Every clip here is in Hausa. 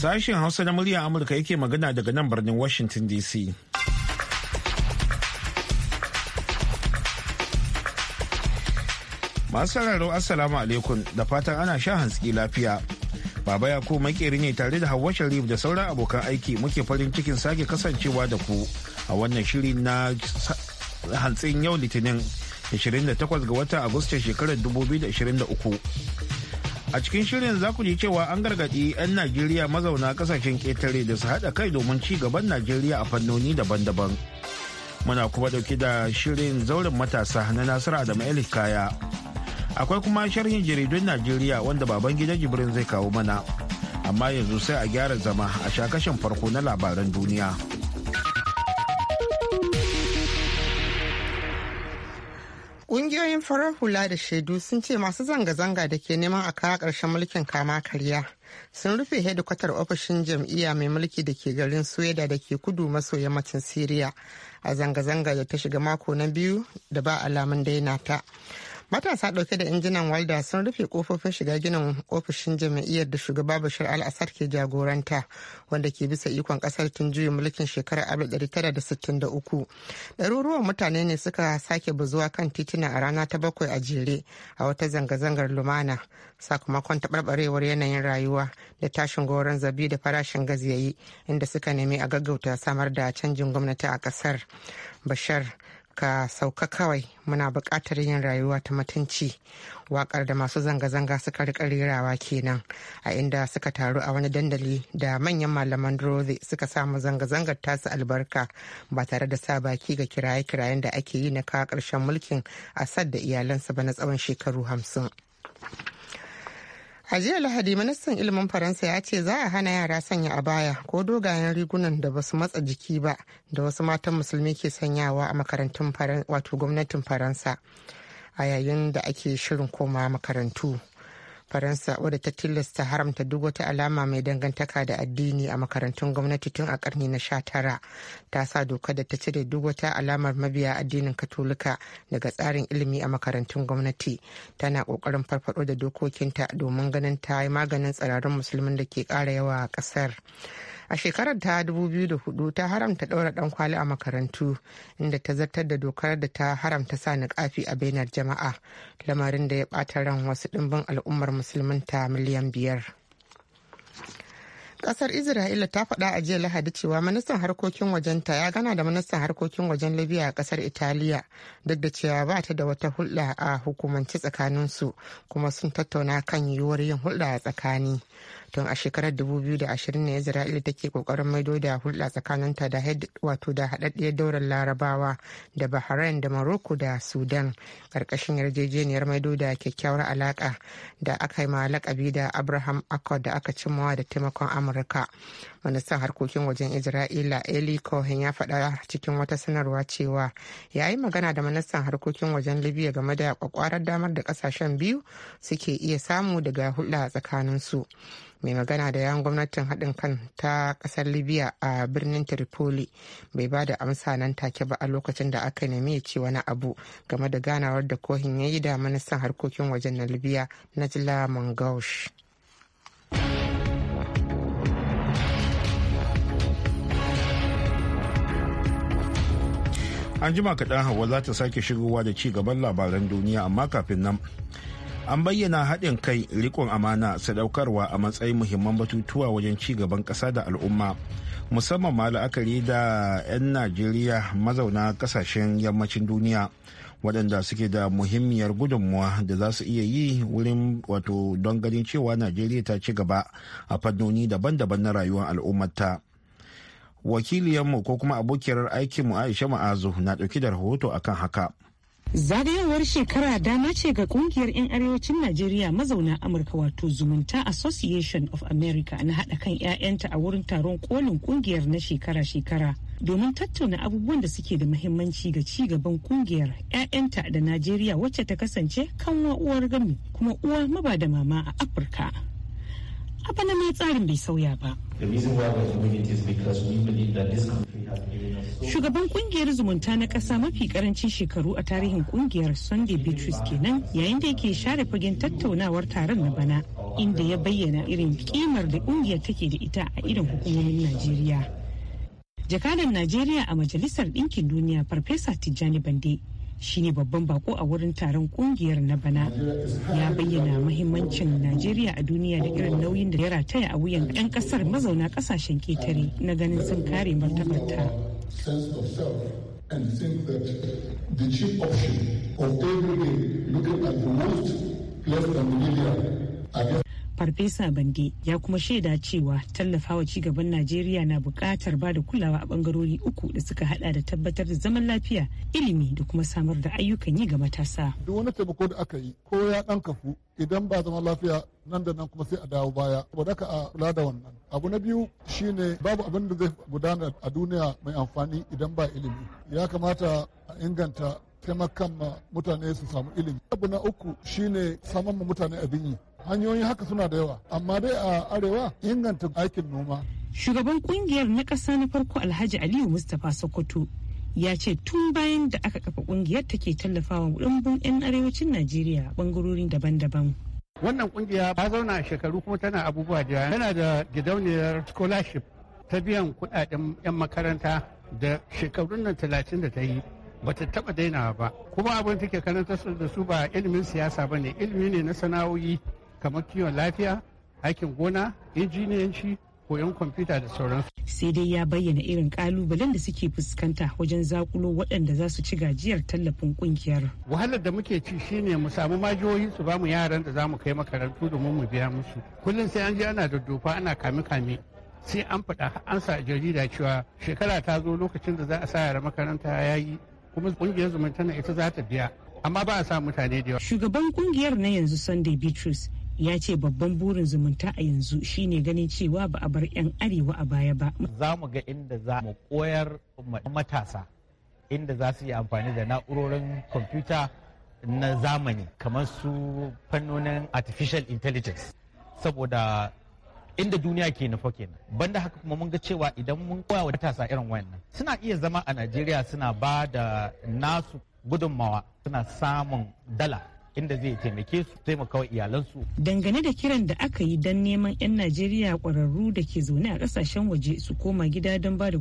Sashen Hausa na murya Amurka yake magana daga nan birnin Washington DC. Masu sararau Assalamu alaikum da fatan ana sha hantsi lafiya. Baba yako makeri ne tare da hawa Sharif da sauran abokan aiki muke farin cikin sake kasancewa da ku a wannan shiri na hantsin yau Litinin 28 ga watan Agusta shekarar 2023. A cikin shirin za ku ji cewa an gargaɗi 'yan Najeriya mazauna kasashen ƙetare da su haɗa kai domin ci gaban Najeriya a fannoni daban-daban. Muna kuma ɗauki da shirin zauren matasa na Nasiru Adamu Elif Kaya. Akwai kuma sharhin jaridun Najeriya wanda baban gida Jibrin zai kawo mana. Amma yanzu sai a gyara zama a shakashin farko na labaran duniya. Ƙungiyoyin farar hula da shaidu sun ce masu zanga-zanga da ke neman a kawo ƙarshen mulkin kama karya sun rufe hedikwatar ofishin jam'iyya mai mulki da ke garin Suweda da ke kudu maso yammacin Siriya a zanga-zanga da ta shiga mako na biyu da ba alamun daina ta. matasa dauke da injinan walda sun rufe kofofin shiga ginin ofishin jami'iyyar da shugaba bashir al-assad ke jagoranta wanda ke bisa ikon kasar tun juyin mulkin shekarar 1963 ɗaruruwan mutane ne suka sake buzuwa kan titina a rana ta bakwai a jere a wata zanga-zangar lumana sakamakon taɓarɓarewar yanayin rayuwa da tashin goron zabi da farashin gaziyayi inda suka nemi a gaggauta samar da canjin gwamnati a ƙasar bashar ka sauka kawai muna buƙatar yin rayuwa ta mutunci waƙar da masu zanga-zanga suka rika rerawa kenan a inda suka taru a wani dandali da manyan malaman drozi suka samu zanga-zangar tasu albarka ba tare da sa baki ga kiraye-kirayen da ake yi na kawo ƙarshen mulkin asad da iyalansa ba na tsawon shekaru hamsin. a jiya lahadi ministan ilimin faransa ya ce za a hana yara sanya a baya ko dogayen rigunan da ba su matsa jiki ba da wasu matan musulmi ke sanyawa a makarantun wato gwamnatin faransa a yayin da ake shirin koma makarantu faransa wadda ta tilasta haramta duk wata alama mai dangantaka da addini a makarantun gwamnati tun a karni na sha tara ta sa doka da ta cire duk wata alamar mabiya addinin katolika daga tsarin ilimi a makarantun gwamnati tana kokarin farfado da dokokinta domin ganin ta yi maganin tsirarin musulmin da ke kara yawa a kasar a shekarar ta 2004 ta haramta ɗaura ɗan kwali a makarantu inda ta zartar da dokar da ta haramta sa niƙafi a bainar jama'a lamarin da ya ɓata ran wasu ɗimbin al'ummar musulmanta miliyan biyar. kasar isra'ila ta faɗa a jiya lahadi cewa ministan harkokin wajenta ya gana da ministan harkokin wajen libya a kasar italiya duk da cewa ba ta da wata hulɗa a hukumance tsakaninsu kuma sun tattauna kan yiwuwar yin hulɗa a tsakani tun a shekarar 2020 ne isra'ila take kokarin maido da hulɗa tsakaninta da wato da haɗaɗɗiyar daular larabawa da bahrain da maroko da sudan ƙarƙashin yarjejeniyar maido da kyakkyawar alaƙa da aka yi ma lakabi da abraham accord da aka cimmawa da taimakon amurka ministan harkokin wajen isra'ila eli cohen ya faɗa cikin wata sanarwa cewa ya yi magana da ministan harkokin wajen libya game da kwakwarar damar da kasashen biyu suke iya samu daga hulɗa su mai magana da yan gwamnatin haɗin kan ta ƙasar libya a birnin tripoli bai ba da amsa nan take ba a lokacin da aka nemi ya ce wani abu game da ganawar da kohin ya yi da ministan harkokin wajen na libya najla mangaush an jima kaɗan hawa za ta sake shigowa da ci gaban labaran duniya amma kafin nan an bayyana haɗin kai rikon amana sadaukarwa a matsayin muhimman batutuwa wajen ci gaban ƙasa da al'umma musamman ma la'akari da 'yan najeriya mazauna ƙasashen yammacin duniya waɗanda suke da muhimmiyar gudunmuwa da za su iya yi wurin wato don ganin cewa najeriya ta ci gaba a fannoni daban-daban na rayuwar al'ummarta. wakiliyanmu ko kuma abokiyar aikinmu aisha ma'azu na ɗauki da rahoto akan haka zagayowar shekara dama ce ga kungiyar 'yan arewacin najeriya mazauna amurka wato zumunta association of america na haɗa kan 'ya'yanta a wurin taron kolin kungiyar na shekara-shekara domin tattauna abubuwan da suke da mahimmanci ga ci gaban kungiyar 'ya'yanta da najeriya wacce ta kasance kan uwar gami kuma uwa maba da mama a afirka a na ma tsarin bai sauya ba. Shugaban kungiyar zumunta na ƙasa mafi karancin shekaru a tarihin kungiyar Sunday Beatrice kenan yayin da yake share fagen tattaunawar taron na bana inda ya bayyana irin kimar da kungiyar take da ita a irin hukumomin Najeriya. Jakadan Najeriya a Majalisar Ɗinkin Duniya Farfesa Tijjani Bande shine babban bako a wurin taron kungiyar na bana ya bayyana mahimmancin najeriya a duniya da irin nauyin da ya rataya a wuyan 'yan kasar mazauna kasashen ketare na ganin sun kare martabarta farfesa bande ya kuma shaida cewa tallafawa cigaban najeriya na bukatar ba da kulawa a bangarori uku da suka hada da tabbatar da zaman lafiya ilimi da kuma samar da ayyukan yi ga matasa duk wani taimako da aka yi ko ya ɗan kafu idan ba zaman lafiya nan da nan kuma sai a dawo baya wadaka ka a kula da wannan abu na biyu shine babu abin da zai gudana a duniya mai amfani idan ba ilimi ya kamata a inganta taimakan mutane su samu ilimi abu na uku shine saman mutane abin yi hanyoyin haka suna da yawa amma dai a arewa inganta aikin noma shugaban kungiyar na ƙasa na farko alhaji aliyu mustapha sokoto ya ce tun bayan da aka kafa kungiyar take tallafawa ɗumbin 'yan arewacin najeriya bangarori daban-daban wannan kungiya ba zauna shekaru kuma tana abubuwa da tana da gidauniyar scholarship ta biyan kudaden 'yan makaranta da shekarun nan talatin da ta yi ba ta taba dainawa ba kuma abin take karanta da su ba ilimin siyasa ba ne ilimi ne na sana'o'i kamar kiwon lafiya aikin gona injiniyanci koyon kwamfuta da sauransu. sai dai ya bayyana irin kalubalen da suke fuskanta wajen zakulo waɗanda za su ci gajiyar tallafin kungiyar. wahalar da muke ci shine mu samu majiyoyi su bamu yaran da za mu kai makarantu domin mu biya musu kullum sai an je ana dofa ana kame kame sai an faɗa an sa jarida cewa shekara ta zo lokacin da za a sa yara makaranta ya yi kuma kungiyar zumunta na ita za ta biya amma ba a sa mutane da yawa. Shugaban kungiyar na yanzu Sunday Bitrus ya ce babban burin zumunta a yanzu shine ganin cewa ba a bar 'yan arewa a baya ba. Za mu ga inda za mu koyar matasa inda za su yi amfani da na'urorin kwamfuta na zamani kamar su fannonin artificial intelligence saboda inda duniya ke nufa kenan banda haka kuma mun ga cewa idan mun koya wa matasa irin wayannan suna iya zama a najeriya suna ba da nasu gudunmawa suna samun dala inda zai taimake su taimaka wa iyalansu. Dangane da kiran da aka yi don neman 'yan Najeriya kwararru da ke zaune a kasashen waje su koma gida don ba da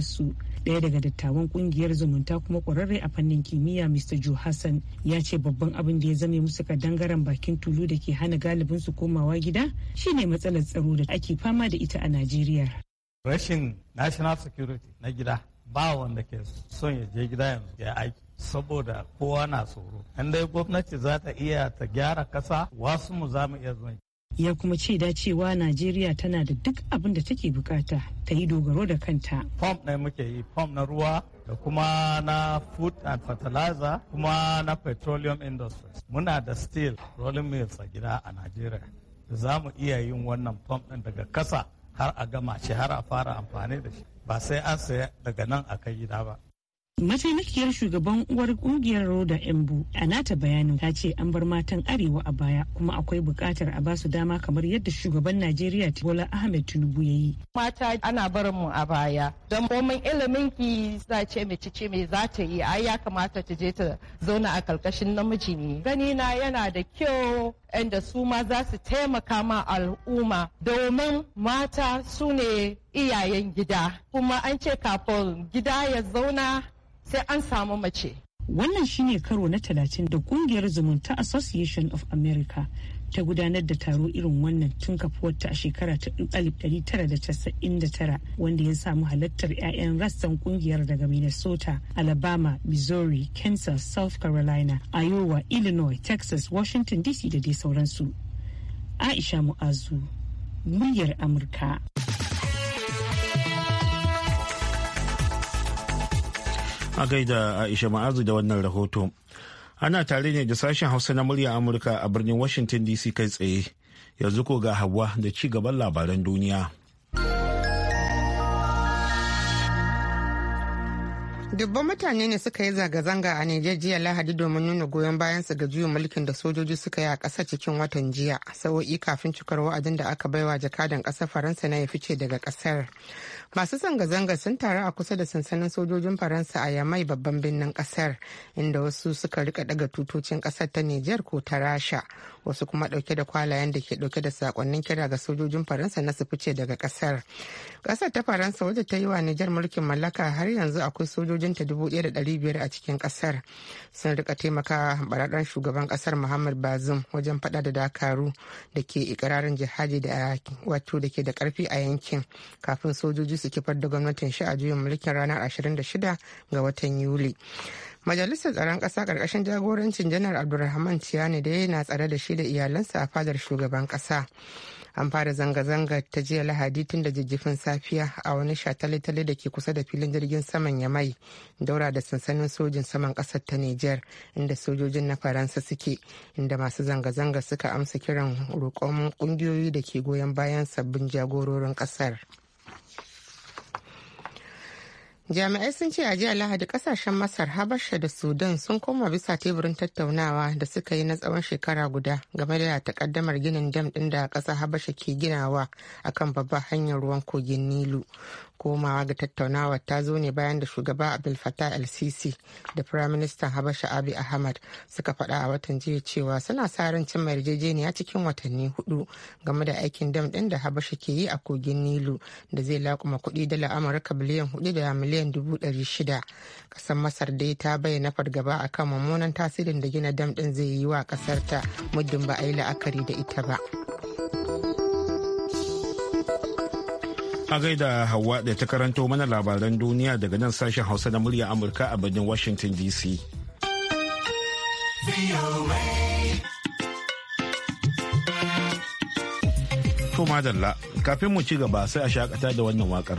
su Daya daga dattawan kungiyar zumunta kuma kwararre a fannin kimiyya Mr. Joe Hassan ya ce babban abin da ya zame musu kadangaren bakin tulu da ke hana galibin su komawa gida shine matsalar tsaro da ake fama da ita a Najeriya. Rashin national security na gida ba wanda ke son ya je gida ya aiki saboda kowa na tsoro in dai gwamnati za ta iya ta gyara kasa wasu mu za mu iya zuwa ya kuma ce da cewa najeriya tana da duk abin da take bukata ta yi dogaro da kanta fom ne muke yi fom na ruwa da kuma na food and fertilizer kuma na petroleum industries muna da steel rolling mills a gida a najeriya za mu iya yin wannan fom ɗin daga kasa har a gama shi har a fara amfani da shi ba sai an saya daga nan a kai gida ba mataimakiyar shugaban uwar kungiyar roda embu a nata bayanin ta ce an bar matan arewa a baya kuma akwai bukatar a basu dama kamar yadda shugaban najeriya bola ahmed tinubu ya yi mata ana barin mu a baya don komai ilimin ki za ce mai ce mai za ta yi ai ya kamata ta je ta zauna a karkashin namiji ne gani na yana da kyau inda su ma za su taimaka ma al'umma domin mata su ne iyayen gida kuma an ce kafin gida ya zauna sai an samu mace wannan shine karo na talatin da kungiyar zumunta association of america ta gudanar da taro irin wannan tun kafuwarta a shekara ta 1999 wanda ya samu halartar 'ya'yan rassan kungiyar daga minnesota alabama missouri kansas south carolina iowa illinois texas washington dc da dai sauransu aisha mu'azu muryar amurka A gaida Aisha Ma'azu da wannan rahoto. Ana tare ne da sashen Hausa na murya Amurka a birnin Washington DC kai tsaye. Yanzu ko ga Hauwa da ci gaban labaran duniya. dubban mutane ne suka yi zanga-zanga a Nijar jiya Lahadi domin nuna goyon bayansu ga juyin mulkin da sojoji suka yi a ƙasar cikin watan jiya, sa'o'i kafin cikar wa'adin da aka baiwa jakadan ƙasar Faransa na ya fice daga ƙasar. masu zanga-zanga sun taru a kusa da sansanin sojojin faransa a yamai babban birnin kasar inda wasu suka rika daga tutocin kasar ta niger ko ta rasha wasu kuma dauke da kwalayen da ke dauke da sakonnin kira ga sojojin faransa na su fice daga kasar kasar ta faransa wadda ta yi wa niger mulkin mallaka har yanzu akwai sojojin ta dubu da dari biyar a cikin kasar sun rika taimaka baraɗan shugaban kasar muhammad bazum wajen fada da dakaru da ke ikirarin jihadi da wato da ke da karfi a yankin kafin sojoji su kifar da gwamnatin shi a juyin mulkin ranar 26 ga watan yuli majalisar tsaron ƙasa ƙarƙashin jagorancin janar abdulrahman tiyani da yana tsare da shi da iyalansa a fadar shugaban ƙasa an fara zanga-zanga ta jiya lahadi tun da jijjifin safiya a wani shatale da ke kusa da filin jirgin saman yamai daura da sansanin sojin saman kasar ta niger inda sojojin na faransa suke inda masu zanga-zanga suka amsa kiran roƙon ƙungiyoyi da ke goyon bayan sabbin jagororin ƙasar. jami'ai sun ce a jiya lahadi kasashen masar habasha da sudan sun koma bisa teburin tattaunawa da suka yi na tsawon shekara guda game da takaddamar ginin dam din da ƙasar habasha ke ginawa akan babbar hanyar ruwan kogin nilu komawa ga tattaunawa ta zo ne bayan da shugaba abdul fattah el-sisi da firaministan habasha abi ahmad suka faɗa a watan jiya cewa suna sa ran cimma yarjejeniya cikin watanni hudu game da aikin dam ɗin da habasha ke yi a kogin nilu da zai lakuma kuɗi dala amurka biliyan hudu da miliyan dubu ɗari shida ƙasar masar dai ta bayyana fargaba akan mummunan tasirin da gina dam ɗin zai yi wa ta muddin ba a yi la'akari da ita ba. A gaida Hauwa da ta karanto mana labaran duniya daga nan sashen Hausa na murya Amurka a birnin Washington DC. To madalla, kafin mu ci gaba sai a shakata da wannan wakar.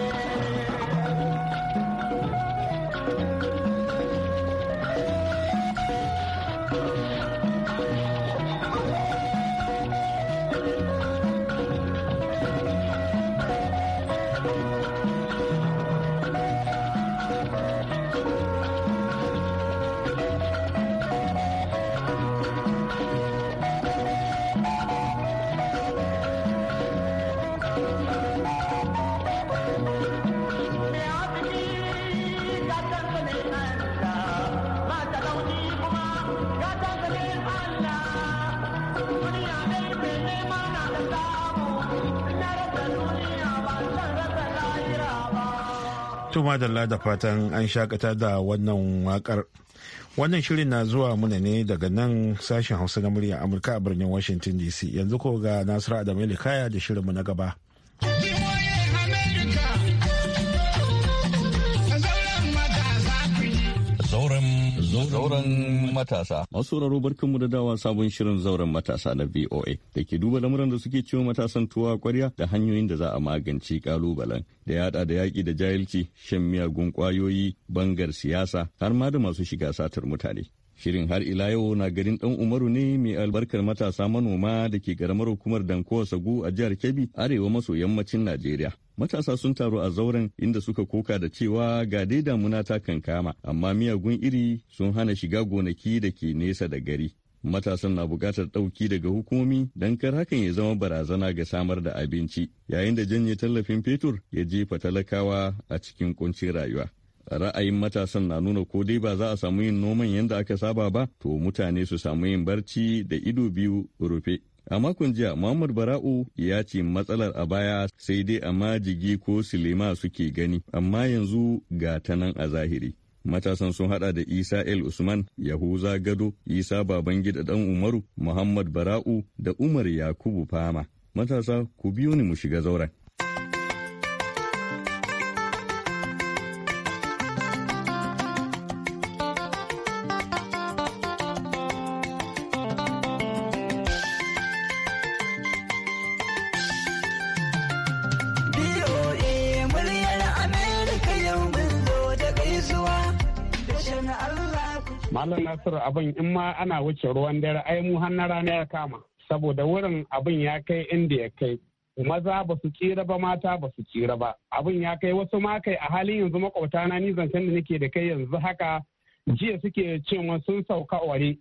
Tuma da da fatan an shakata da wannan wakar. Wannan shirin na zuwa muna ne daga nan sashen Hausa na murya Amurka a birnin Washington DC. Yanzu ko ga Nasiru Adamu Kaya da shirinmu na gaba. zauren matasa. Masu raro barkanmu da dawa sabon shirin zauren matasa na VOA da ke duba lamuran da suke ciwo matasan tuwa kwarya da hanyoyin da za a magance kalubalen da yada da yaki da jahilci, shan miyagun kwayoyi bangar siyasa har ma da masu shiga satar mutane. Shirin har ila yau na garin ɗan Umaru ne mai albarkar matasa manoma da ke garamar hukumar Dankowa Sagu a jihar Kebbi arewa maso yammacin Najeriya. Matasa sun taru a zauren inda suka koka da cewa ga dai damuna ta kankama amma miyagun iri sun hana shiga gonaki da ke nesa da gari. Matasan na buƙatar ɗauki daga hukumomi don kar hakan ya zama barazana ga samar da abinci yayin da janye tallafin fetur ya jefa talakawa a cikin kuncin rayuwa. ra'ayin matasan na nuna ko dai ba za a samu yin noman yadda aka saba ba to mutane su samu yin barci da ido biyu rufe a makon jiya muhammad bara'u ya ce matsalar a baya sai dai a majigi ko silema suke gani amma yanzu ga ta nan a zahiri matasan sun hada da isa el usman yahuza gado isa babangida dan umaru muhammad bara'u da umar yakubu fama matasa ku biyo ni mu shiga zauren Malam Nasiru abin in ma ana wuce ruwan dare ai mu har na rana ya kama saboda wurin abin ya kai inda ya kai maza ba su tsira ba mata ba su tsira ba abin ya kai wasu ma kai a halin yanzu makwabta na ni zancen da nake da kai yanzu haka jiya suke cewa sun sauka ware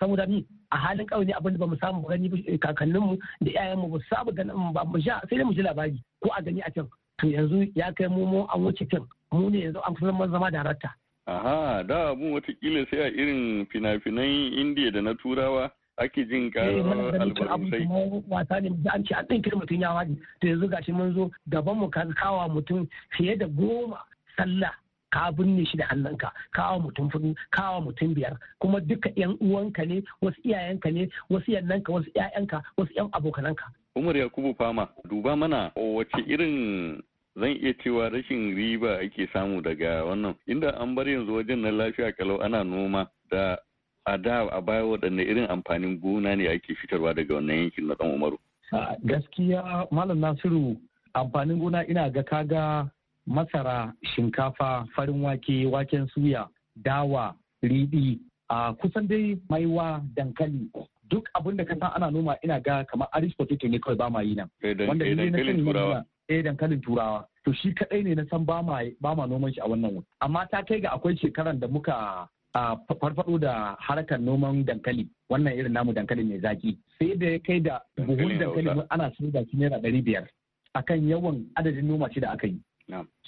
saboda ni a halin kawai ne abin da ba mu samu gani eh, kakanninmu da iyayenmu ba su samu ganin ba mu sha sai dai mu ji labari ko a gani a can to yanzu ya kai mu mu an wuce can mu ne yanzu an kusa zama da rata Aha, da abun watakila sai a irin fina-finan Indiya da na Turawa ake jin karar eh, wasa ne da an ce an ɗinkir mutum ya waje to yanzu gashi mun zo gaban mu kan kawa mutum fiye da goma sallah ka binne shi da hannunka kawo mutum fudu kawo mutum biyar kuma duka yan uwanka ne wasu iyayenka ne wasu yannanka wasu iyayenka wasu yan abokananka umar yakubu fama duba mana wace irin zan iya cewa rashin riba ake samu daga wannan inda an bar yanzu wajen na lafiya kalau ana noma da a da a baya waɗanne irin amfanin gona ne ake fitarwa daga wannan yankin na umaru. gaskiya malam nasiru amfanin gona ina ga kaga masara shinkafa farin wake waken suya dawa riɗi a kusan dai maiwa dankali duk abin da ka san ana noma ina ga kamar irish potato ne kawai ba ma yi nan eh, wanda eh, ne eh dankalin turawa to shi kaɗai ne na san ba ma noman shi a wannan wuri amma ta kai ga akwai shekaran da muka farfado da harkar noman dankali wannan irin namu dankalin mai zaki sai da ya kai da buhun dankali ana sayar da shi naira ɗari biyar akan yawan adadin noma shi da aka yi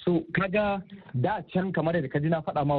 so kaga da can kamar da ji na faɗa ma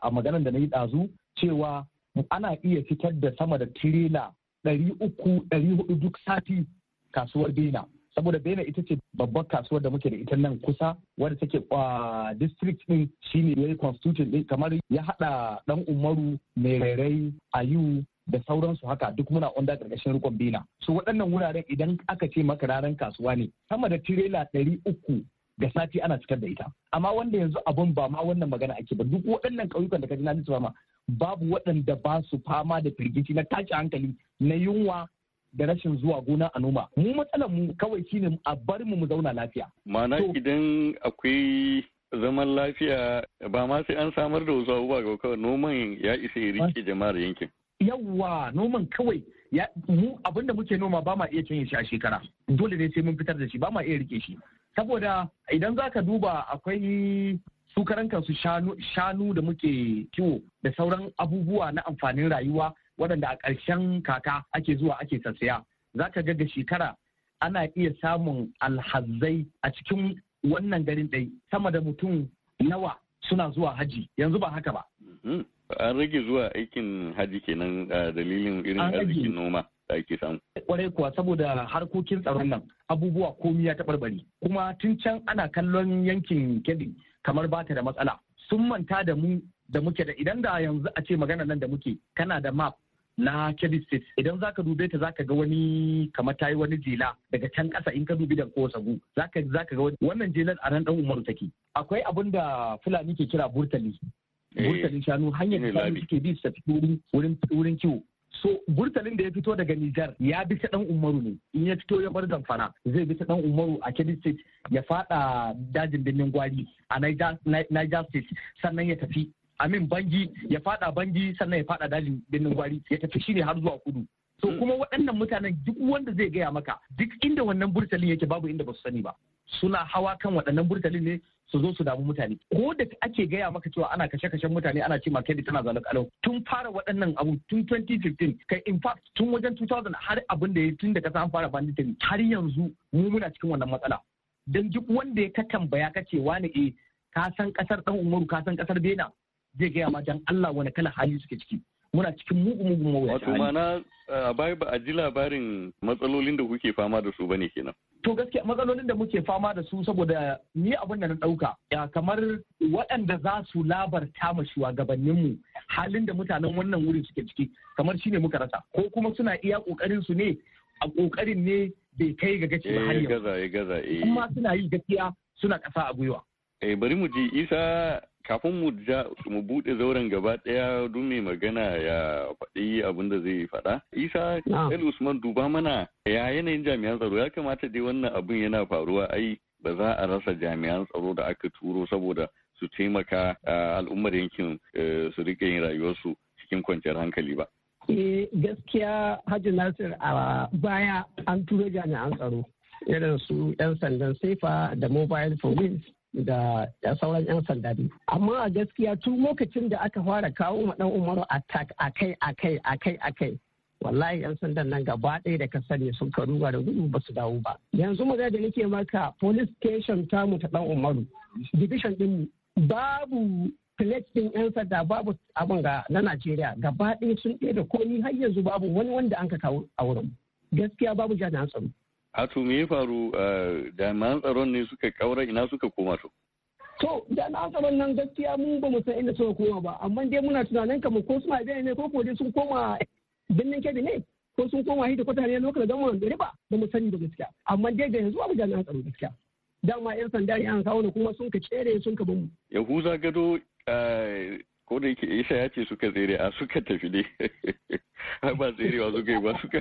a maganar da na yi ɗazu cewa ana iya fitar da sama da tirela ɗari uku ɗari hudu duk sati kasuwar dina saboda bene ita ce babbar kasuwar da muke da ita nan kusa wadda take a district din shine yayi constitution din kamar ya hada dan umaru mai rairai ayu da sauransu haka duk muna onda karkashin rikon bina. so waɗannan wuraren idan aka ce maka ranar kasuwa ne sama da tirela ɗari uku da sati ana cikar da ita amma wanda yanzu abun ba ma wannan magana ake ba duk waɗannan ƙauyukan da ka ji na ma babu waɗanda ba su fama da firgici na tashi hankali na yunwa da rashin zuwa gona a noma mu matsalar mu kawai shine a bar mu mu zauna lafiya ma'ana idan akwai zaman lafiya ba ma sai an samar da wasu abubuwa ga kawai noman ya isa ya rike jama'ar yankin yawwa noman kawai mu abinda muke noma ba ma iya cinye shi a shekara dole ne sai mun fitar da shi ba ma iya rike shi saboda idan zaka duba akwai su kansu shanu da muke kiwo da sauran abubuwa na amfanin rayuwa waɗanda a ƙarshen kaka ake zuwa ake sassaya za ka ga shekara ana iya samun alhazai a cikin wannan garin ɗai sama da mutum nawa suna zuwa haji yanzu ba haka ba. Mm-hmm. An rage zuwa aikin haji kenan dalilin irin arzikin noma da ake samu. Kwarai kuwa saboda harkokin tsaron nan abubuwa komi ya taɓarɓari. kuma tun can ana kallon yankin kebbi kamar ba ta da matsala. Sun manta da mu da muke da idan da yanzu a ce magana nan da muke kana da map na Kebbi State idan zaka dube ta zaka ga wani kamar tayi wani jela daga can ƙasa in ka dubi da ko sagu zaka zaka ga wannan jelar a ran dan Umaru take akwai abin da Fulani ke kira burtali eh, burtalin shanu hanyar da suke bi su tafi wurin wurin kiwo so burtalin da ya fito daga Nijar ya bi ta dan Umaru ne in ya fito ya bar Zamfara zai bi ta dan Umaru a Kebbi State ya fada dajin birnin Gwari a Niger State sannan ya tafi amin bangi ya fada bangi sannan ya fada dajin birnin gwari ya tafi shine har zuwa kudu so hmm. kuma waɗannan mutanen duk wanda zai gaya maka duk inda wannan burtalin yake babu inda ba su sani ba suna hawa kan waɗannan burtalin ne su zo su damu mutane ko da ake gaya maka cewa ana kashe kashe mutane ana ce makedi tana zalun kalau tun fara waɗannan abu tun 2015 kai in fact tun wajen 2000 har abin da ya tun da kasa an fara banditin har yanzu mu muna cikin wannan matsala don duk wanda ya ka tambaya ka ce wani e eh, ka san kasar dan umaru ka san kasar bena zai gaya ma dan Allah wani kala hali suke ciki muna cikin mugu mugu mu wato mana uh, a ba a ji labarin matsalolin da kuke fama da su bane kenan to gaskiya matsalolin da muke fama da su saboda ni abin da na dauka kamar waɗanda za su labarta ma shugabannin mu halin da mutanen wannan wurin suke ciki kamar shine muka rasa ko kuma suna iya kokarin su ne a kokarin ne bai kai ga gaci ba har eh, yanzu eh, eh. kuma suna yi gaskiya suna ƙasa a gwiwa eh bari mu ji isa kafin mu mu bude zauren gaba daya don mai magana ya faɗi abin da zai faɗa isa el usman duba mana ya yanayin jami'an tsaro ya kamata dai wannan abin yana faruwa ai ba za a rasa jami'an tsaro da aka turo saboda su taimaka al'ummar yankin eh, su rike yin rayuwarsu cikin kwanciyar hankali ba eh, gaskiya hajji nasir a baya an turo jami'an tsaro irin su 'yan sandan sefa da mobile police da sauran 'yan sanda ne. Amma a gaskiya tun lokacin da aka fara kawo ma ɗan Umaru attack akai akai akai akai. Wallahi 'yan sandan nan gaba ɗaya da ka sani sun ka ruga da gudu ba su dawo ba. Yanzu maza da nake maka police station tamu ta ɗan Umaru, division ɗinmu babu plate ɗin 'yan sanda babu abin ga na Najeriya gaba ɗaya sun ɗaya da komi har yanzu babu wani wanda an ka kawo a wurin. Gaskiya babu jami'an tsaro. Hatu me ya faru jami'an tsaron ne suka kaura ina suka koma to to jami'an tsaron nan gaskiya mun ba mu san inda suka koma ba amma dai muna tunanin kama ko suna biya ne ko ko dai sun koma birnin kebe ne ko sun koma hidda kwata ne lokacin da mun riba ba mu sani da gaskiya amma dai ga yanzu ba jami'an tsaron gaskiya dama yan sanda an kawo kuma sun ka cere sun ka bamu yahuza gado ko da yake isa ya ce suka tsere a suka tafi ne ai ba tserewa suka yi ba suka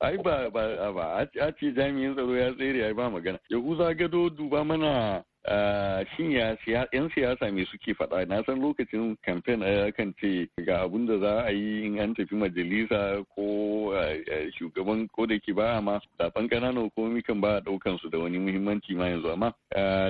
ai ba ba a ce jami'in tsaro ya tsere ai ba magana yahuza gado duba mana Eh, shin ya yan siyasa me suke faɗa na san lokacin kamfen a kan ce ga abun da za a yi in an tafi majalisa ko eh, eh, shugaban ko da ke ba ma zaben ƙanana ko kan ba a ɗaukan su da wani muhimmanci ma yanzu amma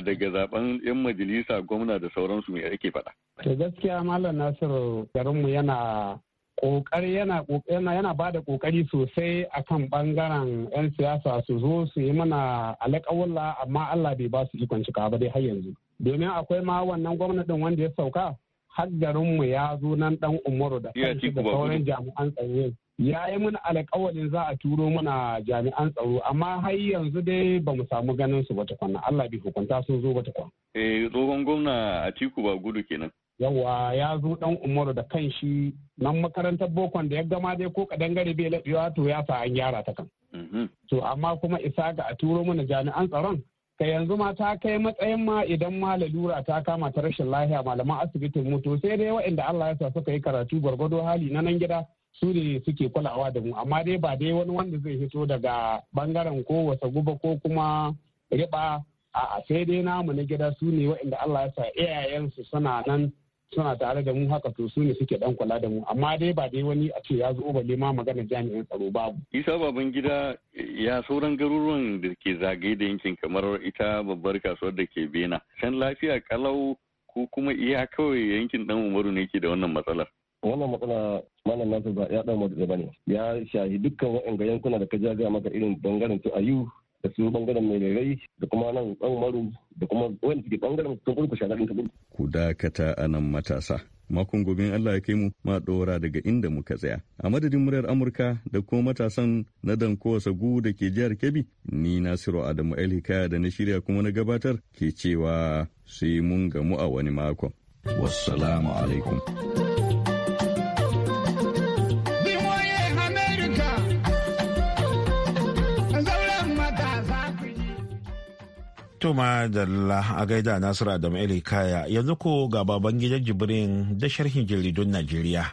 daga zaben yan majalisa gwamna da sauransu me ake faɗa. to gaskiya malam nasiru garinmu yana kokari yana yana ba da kokari sosai akan bangaren 'yan siyasa su zo su yi mana alƙawalla amma Allah bai ba su ikon cika ba dai har yanzu domin akwai ma wannan gwamnatin wanda ya sauka har mu ya zo nan dan umaru da kanshi da sauran jami'an tsaro ya yi mana alƙawalin za a turo mana jami'an tsaro amma har yanzu dai ba mu samu ganin su ba tukunna Allah bai hukunta sun zo ba tukunna eh tsohon gwamna Atiku ba gudu kenan yawa ya zo dan umaru da kan shi nan makarantar bokon da ya gama dai ko kadan gari bai labewa to ya sa an gyara ta kan mhm. to amma kuma isa ga a turo mana jami'an tsaron ka yanzu ma ta kai matsayin ma idan ma lalura ta kama ta rashin lahiya malaman asibitin mutu sai dai waɗanda Allah ya sa suka yi karatu gwargwado hali na nan gida su ne suke kulawa da mu amma dai ba dai wani wanda zai fito daga bangaren ko wasa guba ko kuma riba a sai dai namu na gida su ne waɗanda Allah ya sa iyayensu suna nan suna tare da mu haka to su ne suke dan kula da mu amma dai ba dai wani a ce ya zo ba ne ma magana jami'in tsaro babu isa baban gida ya sauran garuruwan da ke zagaye da yankin kamar ita babbar kasuwar da ke bena can lafiya kalau ko kuma iya kawai yankin dan umaru ne ke da wannan matsalar wannan matsala malam nasu ya dan mutu ne ya shahi dukkan wa'anga yankuna da ka jaga maka irin bangaren su ayu da su bangaren mai rairai da kuma nan ɗan maru da kuma wani suke bangaren sun kurku Ku dakata a nan matasa. Makon gobe Allah ya kai mu ma ɗora daga inda muka tsaya. A madadin muryar Amurka da kuma matasan na Danko Sagu da ke jihar Kebbi, ni Nasiru Adamu hikaya da na shirya kuma na gabatar ke cewa sai mun gamu a wani makon. Wassalamu alaikum. To ma dalla a gaida Nasiru Adam kaya yanzu ko ga baban gidan Jibrin da sharhin jaridun Najeriya.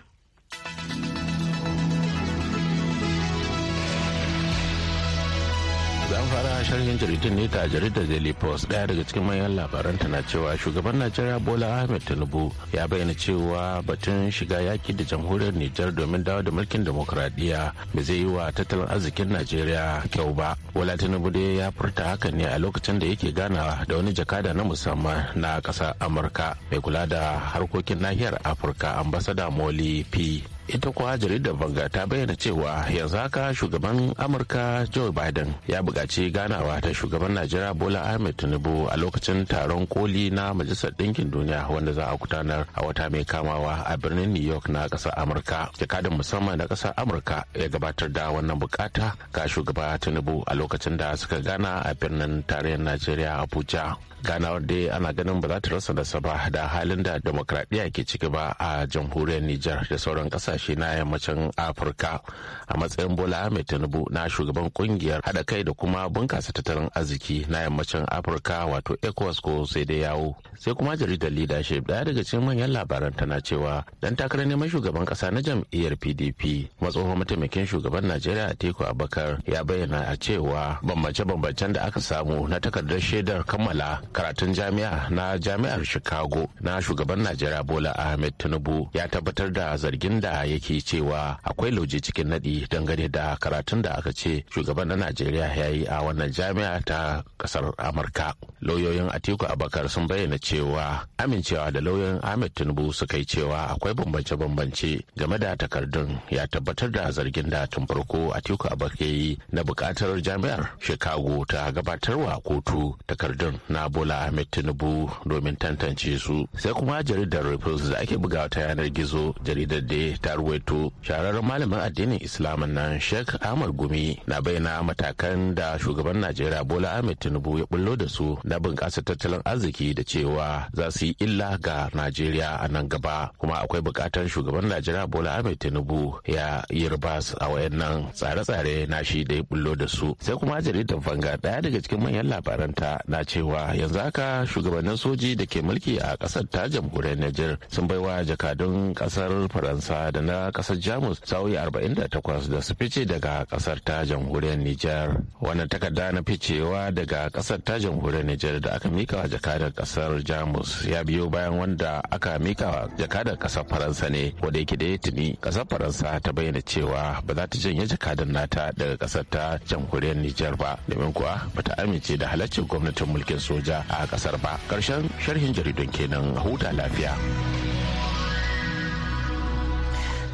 an fara sharhin jaridun ne ta jaridar daily post daya daga cikin manyan labaran ta na cewa shugaban najeriya bola ahmed tinubu ya bayyana cewa batun shiga yaki da jamhuriyar nijar domin dawo da mulkin demokuraɗiyya bai zai yi wa tattalin arzikin najeriya kyau ba bola tinubu dai ya furta haka ne a lokacin da yake ganawa da wani jakada na musamman na ƙasar amurka mai kula da harkokin nahiyar afirka ambasada moli p ita kuwa jaridar banga ta bayyana cewa yanzu haka shugaban amurka joe biden ya buƙaci ganawa ta shugaban najeriya bola ahmed tinubu a lokacin taron koli na majalisar ɗinkin duniya wanda za a gudanar a wata mai kamawa a birnin new york na ƙasar amurka jakadin musamman na ƙasar amurka ya gabatar da wannan bukata ga shugaba tinubu a lokacin da suka gana a birnin tarayyar najeriya abuja ganawar dai ana ganin ba za ta rasa da ba da halin da demokradiyya ke ciki ba a jamhuriyar niger da sauran ƙasa kasashe na yammacin afirka a matsayin bola mai tinubu na shugaban kungiyar haɗa kai da kuma bunkasa tattalin arziki na yammacin afirka wato ecowas ko sai dai yawo sai kuma jaridar leadership daya daga cikin manyan labaran tana cewa dan takarar neman shugaban kasa na jam'iyyar pdp matsohon mataimakin shugaban najeriya atiku abakar ya bayyana a cewa bambance-bambancen da aka samu na takardar shaidar kammala karatun jami'a na jami'ar chicago na shugaban najeriya bola ahmed tinubu ya tabbatar da zargin da yake cewa akwai lauje cikin naɗi dangane da karatun da aka ce shugaban na najeriya ya yi a wannan jami'a ta ƙasar amurka lauyoyin atiku abakar sun bayyana cewa amincewa da lauyoyin ahmed tinubu suka yi cewa akwai bambance-bambance game da takardun ya tabbatar da zargin da tun farko atiku abakar yi na bukatar jami'ar chicago ta gabatarwa kotu takardun na bola ahmed tinubu domin tantance su sai kuma jaridar repulse da ake bugawa ta yanar gizo jaridar da ta ta ruwaito sharar malamin addinin islamin nan sheikh ahmad gumi na bayyana matakan da shugaban najeriya bola ahmed tinubu ya bullo da su na bunƙasa tattalin arziki da cewa za su yi illa ga najeriya a nan gaba kuma akwai buƙatar shugaban najeriya bola ahmed tinubu ya yi ribas a wayannan tsare-tsare na shi da ya bullo da su sai kuma jaridar vanga ɗaya daga cikin manyan labaranta na cewa yanzu haka shugabannin soji da ke mulki a ƙasar ta jamhuriyar niger sun baiwa jakadun ƙasar faransa da na kasar jamus sa'o'i 48 da su fice daga kasar ta jamhuriyar nijar wannan takarda na ficewa daga kasar ta jamhuriyar nijar da aka mika wa jakadar kasar jamus ya biyo bayan wanda aka mika wa jakadar kasar faransa ne wanda yake da tuni kasar faransa ta bayyana cewa ba za ta janye jakadar nata daga kasar ta jamhuriyar nijar ba domin kuwa ba ta amince da halaccin gwamnatin mulkin soja a kasar ba karshen sharhin jaridun kenan huta lafiya.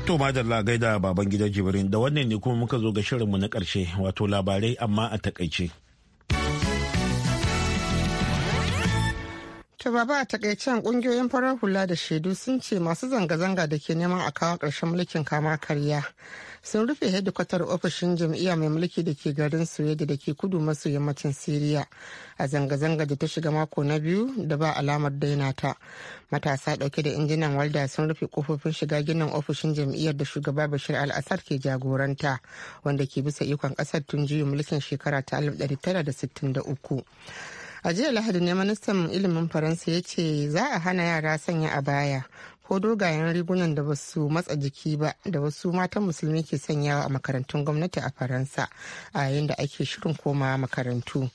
To madalla gaida baban gida jibrin da wannan ne kuma muka zo ga shirinmu na karshe wato labarai amma a takaice. To baba a takaicen kungiyoyin farar hula da shaidu sun ce masu zanga-zanga da ke neman a kawo ƙarshen mulkin kama karya sun rufe hedikwatar ofishin jam'iyya mai mulki da ke garin suweda da ke kudu maso yammacin siriya a zanga-zanga da ta shiga mako na biyu da ba alamar daina ta matasa dauke da injinan walda sun rufe kofofin shiga ginin ofishin jam'iyyar da shugaba bashir al-assad ke jagoranta wanda ke bisa ikon kasar tun jiyu mulkin shekara ta tara da 1963 a jiya lahadi ne ministan ilimin faransa ya ce za a hana yara sanya a baya ko dogayen rigunan da basu matsa jiki ba da wasu matan musulmi ke sanyawa a makarantun gwamnati a faransa a yayin da ake shirin koma makarantu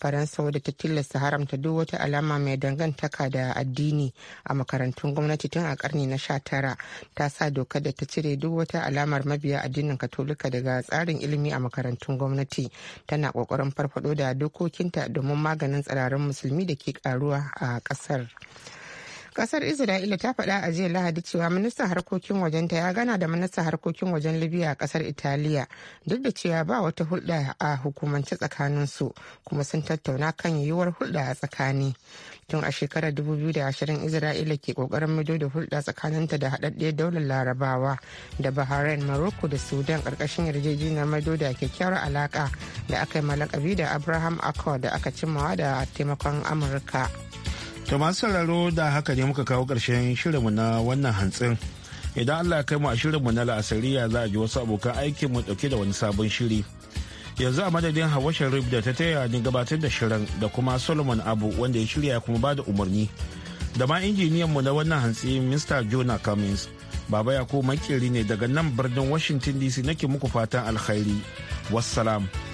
faransa wadda ta tilasta haramta duk wata alama mai dangantaka da addini a makarantun gwamnati tun a karni na sha tara ta sa dokar da ta cire duk wata alamar mabiya addinin katolika daga tsarin ilimi a makarantun gwamnati tana kokarin farfado da dokokinta domin maganin tsirarin musulmi da ke karuwa a kasar kasar isra'ila ta faɗa a jiya lahadi cewa ministan harkokin wajenta ya gana da ministan harkokin wajen libya a kasar italiya duk da cewa ba wata hulɗa a hukumance su kuma sun tattauna kan yiwuwar hulɗa a tsakani tun a shekarar 2020 isra'ila ke kokarin mido da hulɗa tsakaninta da haɗaɗɗiyar daular larabawa da bahrain morocco da sudan ƙarƙashin yarjejeniyar madoda da kyakkyawar alaka da aka yi malakabi da abraham accord da aka cimmawa da taimakon amurka. To masu sauraro da haka ne muka kawo ƙarshen shirinmu na wannan hantsin. Idan Allah ya kai mu a shirinmu na la'asariya za a ji wasu abokan aikin mu dauke da wani sabon shiri. Yanzu a madadin Hawa Sharif da ta taya ni gabatar da shirin da kuma Solomon Abu wanda ya shirya kuma bada umarni. Da ma injiniyan mu na wannan hantsi Mr. Jonah Cummings. Baba Yakubu makeri ne daga nan birnin Washington DC nake muku fatan alkhairi. Wassalam.